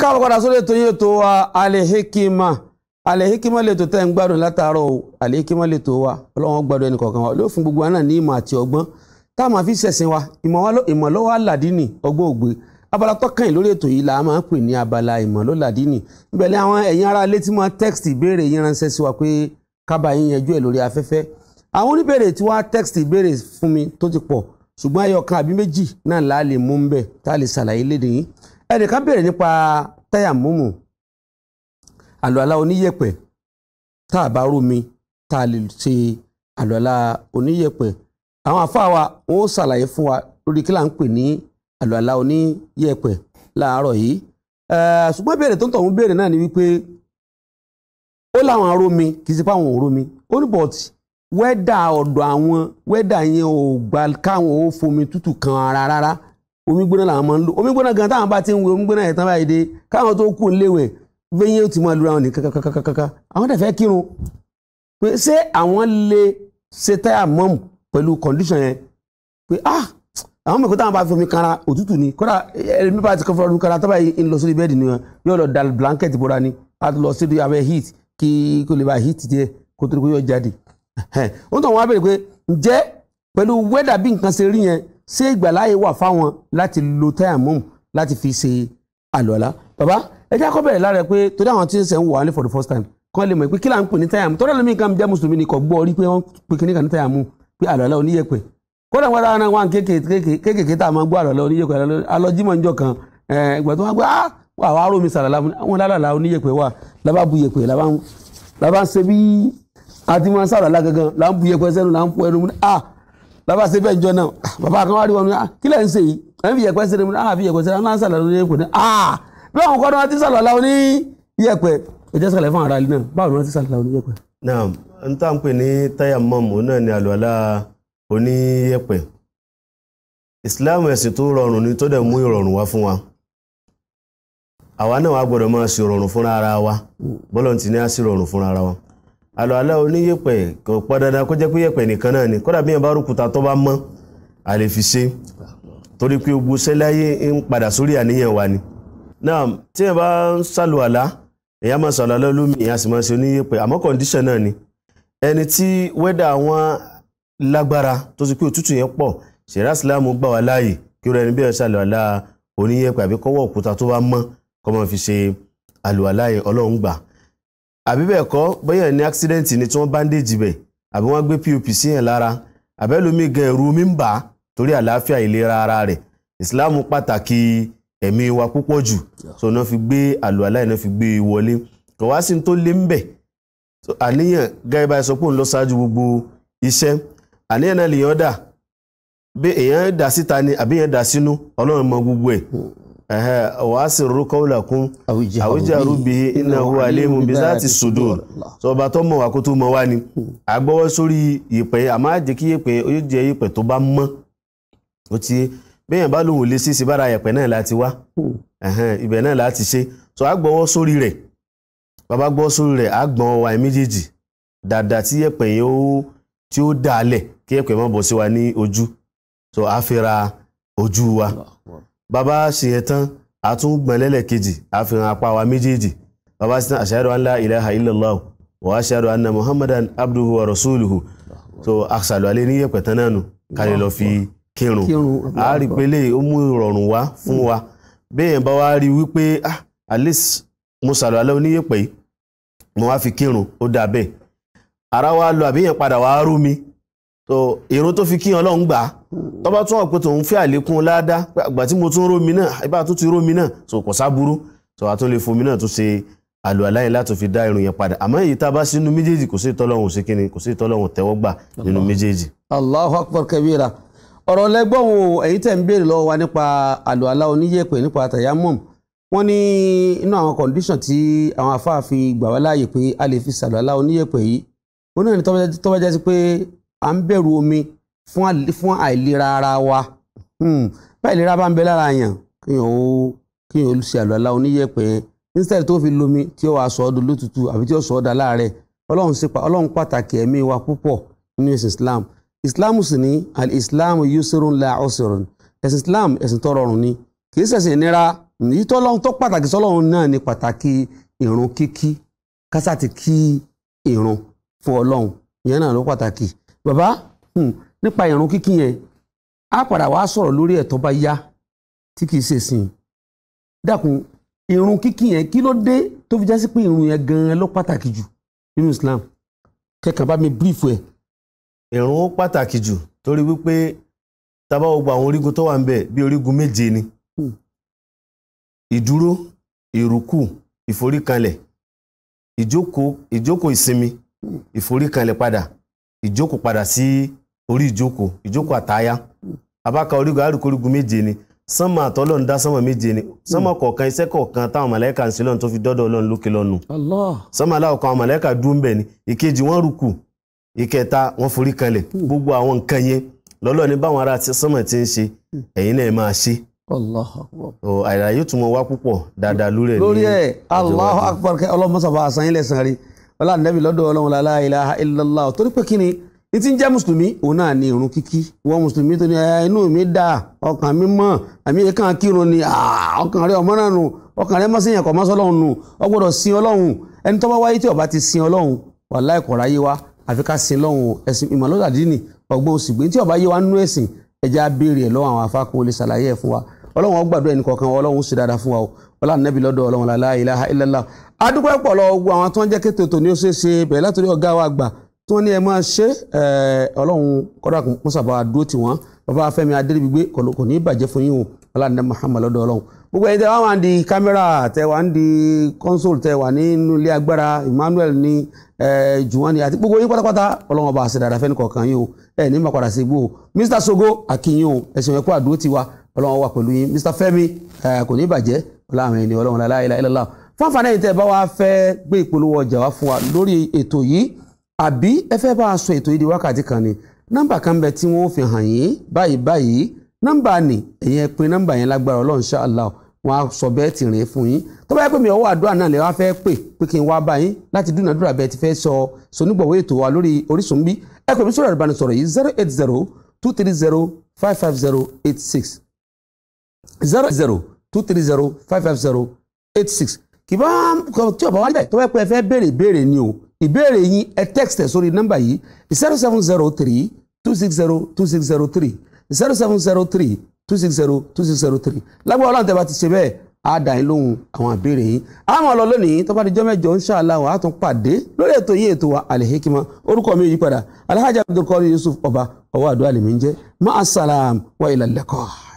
káàbọ̀ padà sórí leto yìí wa alehikima alehikima leto tẹ́ ń gbádùn látàárọ̀ o alehikima leto wa ọlọ́wọ́n gbádùn ẹnì kọ̀ọ̀kan wa ló gbogbo náà ní a fi wa ìmọ̀ lọ́wọ́ ọgbọ́n ògbé abala tọ́kàn la máa ń abala ìmọ̀ ìbẹ̀lẹ̀ àwọn ẹ̀yin text ìbéèrè yín ránṣẹ́ sí wa pé kábà yín bere ẹ̀ lórí afẹ́fẹ́ àwọn oníbèrè tí text ìbéèrè fún mi tó ti pọ̀ ṣùgbọ́n ẹyọ àbí méjì náà ẹnìkan béèrè nípa táyà múmù àlùalá oníyẹ̀pẹ̀ tá a bá rómi tá a lè ṣe àlùalá oníyẹ̀pẹ̀ àwọn àfáà wa wọn ó ṣàlàyé fún wa lórí kí là ń pè ní àlùalá oníyẹ̀pẹ̀ láàárọ̀ yìí ṣùgbọ́n ìbéèrè tó ń tọ̀hún béèrè náà ni wípé ó láwọn arómi kì í ṣe fáwọn òrómi ó ní bọ̀tì wẹ́dà ọ̀dọ̀ àwọn wẹ́dà yẹn ò gbà káwọn ò fomi tútù kan ara rárá omi gbóná làwọn máa ń lò omi gbóná gan táwọn bá ti ń wẹ̀ omi gbóná yẹn tán báyìí dé káwọn tó kù léwẹ̀ vẹ́yìn ó ti máa lura wọn ní kakakakaka àwọn dẹ̀ fẹ́ kírun pé ṣé àwọn lè ṣe táyà mọ́mù pẹ̀lú condition yẹn pé ah àwọn mẹ̀kọ́ táwọn bá fi omi kanra òtútù ni kódà ẹ̀mí bá ti kọ́ fọ́nrán kanra tábà yìí ń lọ sórí bẹ́ẹ̀dì nìyẹn yóò lọ da blanket bora ni a heat kí kò heat jẹ kó tó kó yọ jáde. ó ń tọ́ wọn á bèrè pé ǹjẹ́ ṣé ìgbàláyè wà fáwọn láti lo tayamum láti fi ṣe àlọ́lá bàbá ẹ jẹ́ kó bẹ̀rẹ̀ lára pé torí àwọn tí ń sẹ̀ ń wà ní for the first time kán lè mọ̀ pé kí là ń pè ní tayamum torí ẹlòmíì kan jẹ́ mùsùlùmí ni kò gbọ́ rí pé wọ́n pe kíní kan ní tayamum pé àlọ́lá oníyẹ̀pẹ̀ kódà wọn dára wọn kéékèèké tá a máa gbọ́ àlọ́lá oníyẹ̀pẹ̀ alọ́jímọ̀ níjọ kan ìgbà tó wá gbé ah àwọn arómi sàlàlà wọn lálàlà oníyẹ̀pẹ̀ wà lábá bu yẹ̀pẹ̀ lábá ń ṣe bí àti wọn sàlàlà gangan là ń bu yẹ̀pẹ̀ sẹ́nu là ń bu ẹnu ah lọ́ba ṣe bẹ́ẹ̀ jọ náà ah, bàbá kan wá rí wọn ní ah, kí lẹ́ ń ṣe yìí ẹ̀ ń fi yẹ̀pẹ̀ ṣeré mu náà ah, àfi yẹ̀pẹ̀ ṣeré náà ń sàlẹ̀ lórí ẹ̀kọ́ náà ah bí àwọn kọ́ náà ti sàlọ̀ la oní yẹ̀pẹ̀ ẹ jẹ́ sàlẹ̀ fún ara ilé náà báwo ni wọ́n ti sàlọ̀ la oní yẹ̀pẹ̀. náà n tá n pè ní tayammum náà ni àlùwàlá oníyẹ̀pẹ̀ Islam ẹ̀sìn tó rọrùn ni tó dẹ̀ mú ìrọ̀rùn wá fún wa àwa náà wá gbọ́dọ̀ máa ṣèrọ̀rùn fúnra ara wa bọ́lọ̀ ti ní á ṣèrọ̀rùn fúnra ara wa àlùwàlá oníyẹ̀pẹ̀ kò pọ̀ dandan kó jẹ́ pé yẹ̀pẹ̀ nìkan náà ni kódà bí yẹn tó bá mọ́ a torí pé gbogbo sẹ́láyé ń padà sórí àníyàn wa ni náà tí yẹn bá ń ṣàlùwàlá èyí á máa ṣàlùwàlá olómi èyí á sì máa ṣe oníyẹ̀pẹ̀ àmọ́ kọ̀ǹdíṣàn náà ni ẹni tí wẹ́dà wọn lágbára tó ti pé òtútù yẹn pọ̀ ṣẹ̀rá síláàmù gbà wá láàyè kí rẹni bẹ́ẹ̀ ṣàlùwàlá oníyẹ̀pẹ̀ àbí kọ́wọ́ òkúta àbí bẹ́ẹ̀ kọ́ bóyá ní accident ni tí wọ́n bandage bẹ̀ àbí wọ́n gbé pop sí yẹn lára àbẹ́lómi gan ẹ̀rù mi ń bà á torí àlàáfíà ìlera ara rẹ̀ Islam pàtàkì ẹ̀mí wa púpọ̀ jù so náà fi gbé àlùwàlá náà fi gbé e wọlé kò wá sí tó lé ń bẹ̀ àníyàn gáyìí báyìí sọ pé òun lọ ṣáájú gbogbo iṣẹ́ àníyàn náà lèèyàn dà bí èèyàn dà síta ni àbí èèyàn dà sínú Ọlọ́run mọ gbogbo ẹ̀ wàásìrú kọ́wùlàkún àwíjàrú bí iná huwa alimun bí zati sudur sọba tó mọ̀ wá kó tó mọ̀ wá ni àgbọ́wọ́ sórí ìpẹ́ àmọ́ àjẹ́ kí ìpẹ́ ó jẹ́ ìpẹ́ tó bá mọ́ ó ti bẹ́yàn bá lòun ò lè sí bára ìpẹ́ náà láti wá hmm. ibẹ̀ náà láti ṣe sọ àgbọ́wọ́ sórí rẹ̀ bàbá gbọ́wọ́ sórí rẹ̀ àgbọ̀n wa méjèèjì dáadáa tí ìpẹ́ yẹn tí ó dà á lẹ̀ kí ìpẹ́ má bọ̀ sí wa ní ojú sọ àfẹ́ra ojú wa. Allah bàbá ṣìyẹn tán àtúngbọ̀n lẹ́lẹ̀kejì àfihàn apá wa méjèèjì bàbá sí tán ashhadu an la ilaha illallah wa ashhadu anna muhammadan abduhu wa rasuluhu so àṣàlù alẹ́ ní yẹ̀pẹ̀ tán náà nù kálí lọ fi kírun a rí ó mú ìrọ̀rùn wá fún wa béèyàn bá wá rí wípé ah at least mo ṣàlù alẹ́ oníyẹ̀pẹ̀ yìí mo wá fi kírun ó dà bẹ́ẹ̀ ara wa lọ àbíyàn padà wá rú mi so ìrun tó fi kí ọlọ́run gbà tó bá tún ọ̀pẹ tòun fẹ́ àlékún ládá àgbà tí mo tún rómi náà ibà tó ti rómi náà so kò sábúrú so a tún lè fomi náà tún ṣe àlùwàlá yẹn láti fi dá ìrun yẹn padà àmọ́ èyí tá a bá sínú méjèèjì kò sí tọ́lọ́hún ṣe kíni kò sí tọ́lọ́hún tẹ́wọ́ gbà nínú méjèèjì. Allahu akbar kabira ọ̀rọ̀ lẹ́gbọ́n o èyí tẹ̀ ń béèrè lọ́wọ́ wa nípa àlùwàlá oníyẹ̀pẹ̀ nípa tayammum wọ́n ní inú àwọn condition tí àwọn afáàfin gbà wá láàyè pé a lè fi ṣàlùwàlá oníyẹ̀pẹ̀ yìí oníyẹ̀ni tọ́bajẹ́ sí pé à ń bẹ̀rù omi fún àìlera ara wa hmm. bá ìlera bá ń bẹ lára yàn kíyàn ó kíyàn ó ṣe àlùwàlá oníyẹ̀pẹ̀ instead tó fi lomi tí ó wà sọ ọ́ lótùtù àbí tí ó sọ ọ́ dà láàrẹ̀ ọlọ́run ṣe pa ọlọ́run pàtàkì ẹ̀mí wa púpọ̀ nínú ẹ̀sìn islam islam sì ní al islam yusrun la usrun ẹ̀sìn islam ẹ̀sìn tó rọrùn ni kì í ṣẹ̀sìn ìnira èyí tó lọ́run tó pàtàkì sọ́lọ́run náà ni pàtàkì ìrun kíkí kásá ti kí ìrun fún ọlọ́run ìyẹn náà ló pàtàkì bàbá hmm, nípa ìrun kíkí yẹn á padà wá sọ̀rọ̀ lórí ẹ̀ tó bá yá tí kìí ṣe sìn dákun ìrun kíkí yẹn kí ló dé tó fi já sí pé ìrun yẹn gan-an ló pàtàkì jù nínú Islam kẹkàn bá mi brief ẹ. ìrun ó pàtàkì jù torí wípé tá bá wo gbogbo àwọn orígun tó wà ń bẹ bí orígun méje ni hmm. ìdúró ìrùkù ìforíkanlẹ̀ ìjókòó ìsinmi hmm. ìforíkanlẹ̀ padà ìjókòó padà sí orí ìjókòó ìjókòó àtayá abáka orígun àríkórígun méje ni sánmà àtọ́lọ́run dá sánmà méje ni sánmà kọ̀ọ̀kan iṣẹ́ kọ̀ọ̀kan táwọn mọ̀lẹ́kà ń ṣe lọ́run tó fi dọ́dọ̀ ọlọ́run lókè lọ́nu sánmà aláwọ̀ kan àwọn mọ̀lẹ́kà dúró ń bẹ̀ ni ìkejì wọ́n rùkù ìkẹta wọ́n forí kanlẹ̀ hmm. gbogbo àwọn nǹkan yẹn lọ́lọ́ ní báwọn ará sánmà ti ń ṣe hmm. ẹ̀yin náà máa ṣe àìráyé tún mọ wá púpọ̀ dáadáa lórí ẹ̀ lórí ẹ̀ ọlá nẹ́bí lọ́dọ̀ ọlọ́run la ilaha illallah torí pé kí ni ní ti ń jẹ́ mùsùlùmí òun náà ni ìrun kíkí wọ́n mùsùlùmí tó ní inú mi dà ọkàn mi mọ́ àmì ẹ̀kan kírun ni ọkàn rẹ ọmọ náà nù ọkàn rẹ mọ́ sí ẹ̀kọ́ mọ́sọ́ ọlọ́run nù ó gbọ́dọ̀ sin ọlọ́run ẹni tó wáyé tí ó ti sin ọlọ́run wàláhì kò ráyé wa àfi ká sin ọlọ́run ẹ̀sìn ìmọ̀lódàdínì ọgbọ́n òsìgbè tí ó bá yé wa nú ẹ̀sìn ẹja béèrè lọ́wọ́ àwọn afákòólé ṣàlàyé ẹ̀ fún wa ọlọ́run gbàdúrà ẹnì kọ̀ọ̀kan ọlọ́run ṣe dáadáa fún wa o ọlá nàbí lọ́dọ̀ ọlọ́run làlá ilaha illallah adúpẹ́ pọ̀ lọ gbogbo àwọn tó ń jẹ́ kéte tòní ó ṣe é ṣe bẹ̀rẹ̀ látòrí ọ̀gá wa àgbà tí wọ́n ní ẹ máa ṣe ọlọ́run kọ́dà kún mọ́sàbá dúró tì wọ́n bàbá afẹ́mi adéríbigbé kò ní bàjẹ́ fún yín o ọlá nàbí Muhammad lọ́dọ̀ ọlọ́run gbogbo ẹni tẹ́ wá wà ń di kámẹ́rà tẹ́ wà ń di kọ́nsóòlù wà nínú ilé agbára Emmanuel ní jùwọ́n ni àti gbogbo yín pátápátá ọlọ́wọ́n bá a ṣe dáadáa fẹ́ni kọ̀ọ̀kan yín o ẹ ní ma sí ibú o Mr Sogo akínyìn o ẹ̀sìn ẹ̀kọ́ àdúró tiwa ọlọ́run wà pẹ̀lú yín Mr Fẹ́mi kò ní bàjẹ́ ọlọ́run ẹni ọlọ́run la ilaha illallah fáfáná yìí tẹ́ ẹ bá wá fẹ́ gbé ìpolówó ọjà wá fún wa lórí ètò yìí àbí ẹ fẹ́ bá a sọ ètò yìí di wákàtí kan ni nọ́mbà kan bẹ tí wọ́n fi hàn yín báyìí báyìí nọ́mbà ni ẹ̀yin ẹ pè nọ́mbà yẹn lágbára ọlọ́run insha Allah wọn á sọ bẹ́ẹ̀ tì rìn fún yín tó bá yẹ pé mi ọwọ́ àdúrà náà lè wá fẹ́ pè pé kí n wá bá láti dúnàdúrà bẹ́ẹ̀ ti fẹ́ sọ sonígbọ̀wọ́ ètò wa lórí Orísun bí ẹ pè mí sọ̀rọ̀ ìbánisọ̀rọ̀ yìí zero eight zero two three zero five five zero eight six zero zero two three zero five five zero eight six kì bá tí ọ̀bá wálé tó bá pẹ́ fẹ́ béèrè ìbéèrè ni o ìbéèrè yín ẹ text ẹ sórí nọ́mbà yìí zero seven zero three two six zero two six zero three zero seven zero three two six zero two six zero three lágbára ọlọ́run tẹ́ bá ti ṣe bẹ́ẹ̀ á dá yín lóhùn àwọn ìbéèrè yín àmọ́ lọ lónìí tó bá di jọ́mẹ́jọ ń ṣàlà wọn á pàdé lórí ètò yìí ètò wa Al-Hikmat orúkọ mi yí Alhaji Abdulkadir Yusuf ọba ọwọ́ àdúrà lèmi ń jẹ́ máa sàlám wa ilal liqa.